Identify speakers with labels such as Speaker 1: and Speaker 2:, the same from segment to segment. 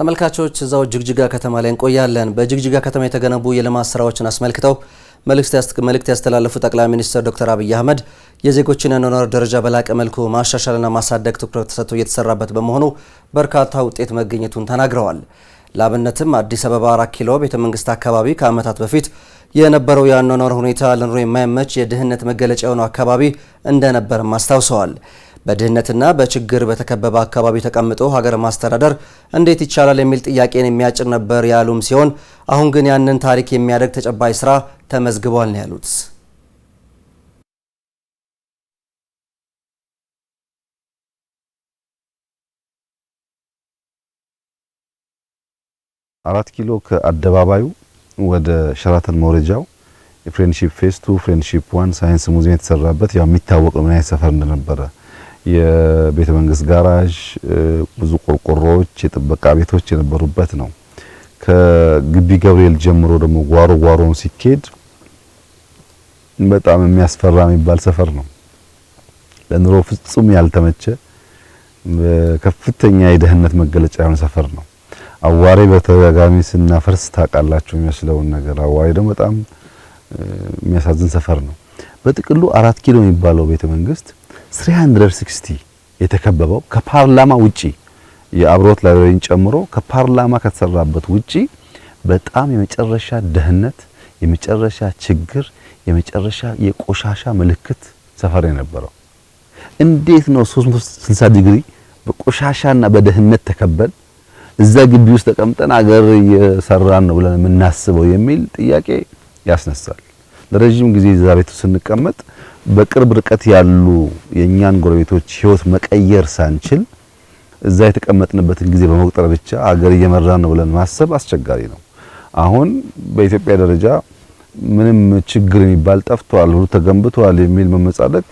Speaker 1: ተመልካቾች እዛው ጅግጅጋ ከተማ ላይ እንቆያለን። በጅግጅጋ ከተማ የተገነቡ የልማት ስራዎችን አስመልክተው መልእክት ያስተላለፉ ጠቅላይ ሚኒስትር ዶክተር አብይ አህመድ የዜጎችን የአኗኗር ደረጃ በላቀ መልኩ ማሻሻልና ማሳደግ ትኩረት ተሰጥቶ እየተሰራበት በመሆኑ በርካታ ውጤት መገኘቱን ተናግረዋል። ለአብነትም አዲስ አበባ አራት ኪሎ ቤተ መንግስት አካባቢ ከዓመታት በፊት የነበረው የአኗኗር ሁኔታ ለኑሮ የማይመች የድህነት መገለጫ የሆነው አካባቢ እንደነበርም አስታውሰዋል። በድህነትና በችግር በተከበበ አካባቢ ተቀምጦ ሀገር ማስተዳደር እንዴት ይቻላል የሚል ጥያቄን የሚያጭር ነበር ያሉም ሲሆን አሁን ግን ያንን ታሪክ የሚያደርግ ተጨባጭ ስራ ተመዝግቧል ነው ያሉት።
Speaker 2: አራት ኪሎ ከአደባባዩ ወደ ሸራተን መውረጃው የፍሬንድሺፕ ፌስ ቱ ፍሬንድሺፕ ዋን ሳይንስ ሙዚየም የተሰራበት ያው የሚታወቅ ምን አይነት ሰፈር እንደነበረ የቤተ መንግስት ጋራዥ፣ ብዙ ቆርቆሮዎች፣ የጥበቃ ቤቶች የነበሩበት ነው። ከግቢ ገብርኤል ጀምሮ ደግሞ ጓሮ ጓሮን ሲኬድ በጣም የሚያስፈራ የሚባል ሰፈር ነው። ለኑሮ ፍጹም ያልተመቸ ከፍተኛ የደህንነት መገለጫ የሆነ ሰፈር ነው። አዋሬ በተደጋጋሚ ስናፈርስ ታውቃላችሁ የሚመስለውን ነገር። አዋሬ ደግሞ በጣም የሚያሳዝን ሰፈር ነው። በጥቅሉ አራት ኪሎ የሚባለው ቤተ መንግስት 360 የተከበበው ከፓርላማ ውጪ የአብሮት ላይብረሪን ጨምሮ ከፓርላማ ከተሰራበት ውጪ በጣም የመጨረሻ ደህንነት፣ የመጨረሻ ችግር፣ የመጨረሻ የቆሻሻ ምልክት ሰፈር የነበረው እንዴት ነው 360 ዲግሪ በቆሻሻና በደህንነት ተከበን እዛ ግቢ ውስጥ ተቀምጠን አገር እየሰራን ነው ብለን የምናስበው የሚል ጥያቄ ያስነሳል። ለረጅም ጊዜ እዛ ቤቱ ስንቀመጥ በቅርብ ርቀት ያሉ የእኛን ጎረቤቶች ህይወት መቀየር ሳንችል እዛ የተቀመጥንበትን ጊዜ በመቁጠር ብቻ አገር እየመራን ነው ብለን ማሰብ አስቸጋሪ ነው። አሁን በኢትዮጵያ ደረጃ ምንም ችግር የሚባል ጠፍቷል፣ ሁሉ ተገንብቷል የሚል መመጻደቅ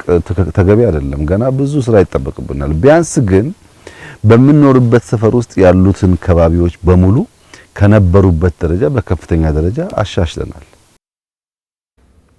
Speaker 2: ተገቢ አይደለም። ገና ብዙ ስራ ይጠበቅብናል። ቢያንስ ግን በምንኖርበት ሰፈር ውስጥ ያሉትን ከባቢዎች በሙሉ ከነበሩበት ደረጃ በከፍተኛ ደረጃ አሻሽለናል።